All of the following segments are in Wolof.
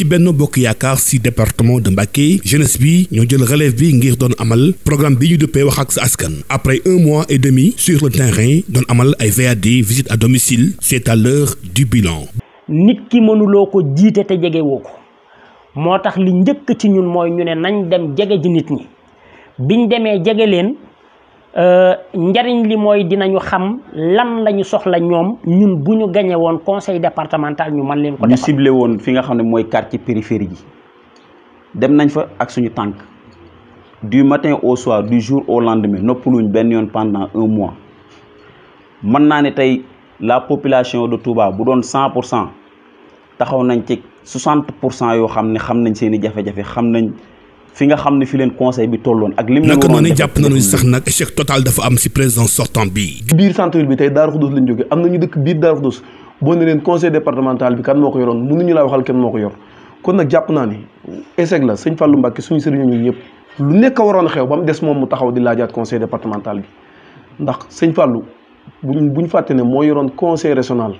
ci Benno Bokk Yaakaar si département de Mbacké jeunesse bi ñoo jël relève bi ngir doon amal programme bi ñu dëppee wax ak sa askan après un mois et demi sur le terrain doon amal ay VAD visite à domicile c'est à l'heure du bilan nit ki mënuloo ko jiite te jege woo ko moo tax li njëkk ci ñun mooy ñu ne nañ dem jege ji nit ñi biñ demee jege leen Euh, njariñ li mooy dinañu xam lan lañu soxla ñoom ñun bu ñu gañe woon conseil départemental ñu man leen ko defal ñu ciblé woon fi nga xam ne mooy quartier périphérique ji dem nañ fa ak suñu tànk du matin au soir du jour au lendemain noppaluñ benn yoon pendant un mois mën naa ne tey la population de Touba bu doon cent pour cent taxaw nañ ci soixante pour cent yoo xam ne xam nañ seen i jafe-jafe xam nañ fi nga xam ne fi leen conseil bi tolloon ak lim naka noonu jàpp nañu sax nag échec total dafa am ci président sortant bi biir centre ville bi tey Daaru Xudus lañ jógee am na ñu dëkk biir Daaru Xudus boo ne leen conseil départemental bi kan moo ko yoroon mënuñu laa waxal kenn moo ko yor kon nag jàpp naa ni échec la sëñ Fallou Mbacke suñu sëriñu ñun ñëpp lu nekk waroon xew ba mu des moom mu taxaw di laajaat conseil départemental bi ndax sëñ Fallou buñ buñ fàtte ne moo yoroon conseil régional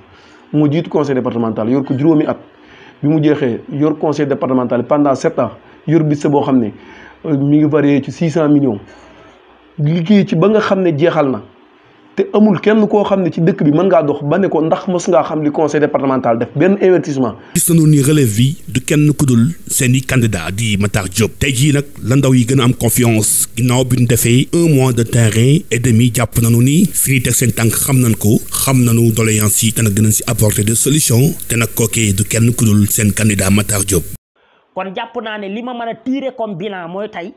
mu jiitu conseil départemental yor ko juróomi at bi mu jeexee yor conseil départemental pendant sept ans yor bés boo xam ne euh, mi ngi varié ci six cent millions liggéey ci ba nga xam ne jeexal na te amul kenn koo xam ne ci dëkk bi mën ngaa dox ba ne ko ndax mos ngaa xam li conseil départemental def benn investissement. gis nañu ni relève bi du kenn ku dul seen i candidat di Matar job tey jii nag la ndaw yi gën a am confiance ginnaaw bi ñu defee un mois de terrain et jàpp nañu ni fi ñuy teg seen tànk xam nañ ko xam nañu doléance yi te na dinañ si apporter des solutions te nag kookee du kenn ku dul seen candidat Matar Diop. kon jàpp naa ne li ma man a tirer comme bilan mooy tey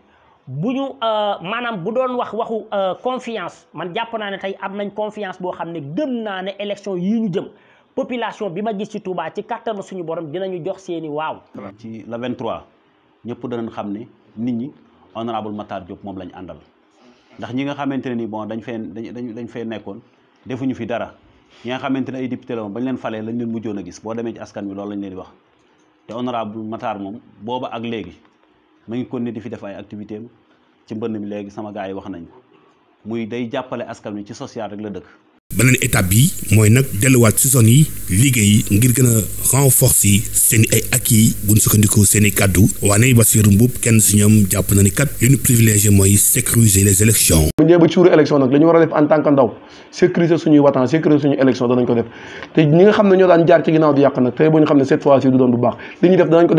bu ñu euh, maanaam bu doon wax waxu euh, confiance man jàpp naa ne tey am nañ confiance boo xam ne gëm naa ne élection yii ñu jëm population bi ma gis ci Touba ci kattanu suñu borom dinañu jox seeni waaw. ci le 23 ñëpp danañ xam ne nit ñi honorable Matar Diop moom lañu àndal ndax ñi nga xamante ne ni bon dañ fee dañ dañ fee nekkoon defuñu fi dara ñi nga xamante ne ay député la woon bañ leen falee lañ leen mujjoon a wi loolu lañ leen di te honorable Matar moom booba ak léegi ma ngi continuer di fi def ay activité ci mbënn mi léegi sama gars yi wax nañ ko muy day jàppale askan wi ci social rek la dëkk beneen étape yi mooy nag delluwaat si zone yi liggéey ngir gën a renforcer seen ay acquis buñ sukkandikoo seen i kàddu waane Bassirou Mboup kenn si ñoom jàpp na ni kat li ñu mooy sécuriser les élections bu ñëwee ba ci wàllu nag la war a def en tant ndaw sécuriser suñuy watan sécuriser suñuy élection danañ ko def te ñi nga xam ne ñoo daan jaar ci ginnaaw di yàq nag tey bu ñu xam ne cette fois ci du doon bu baax li ñuy def danañ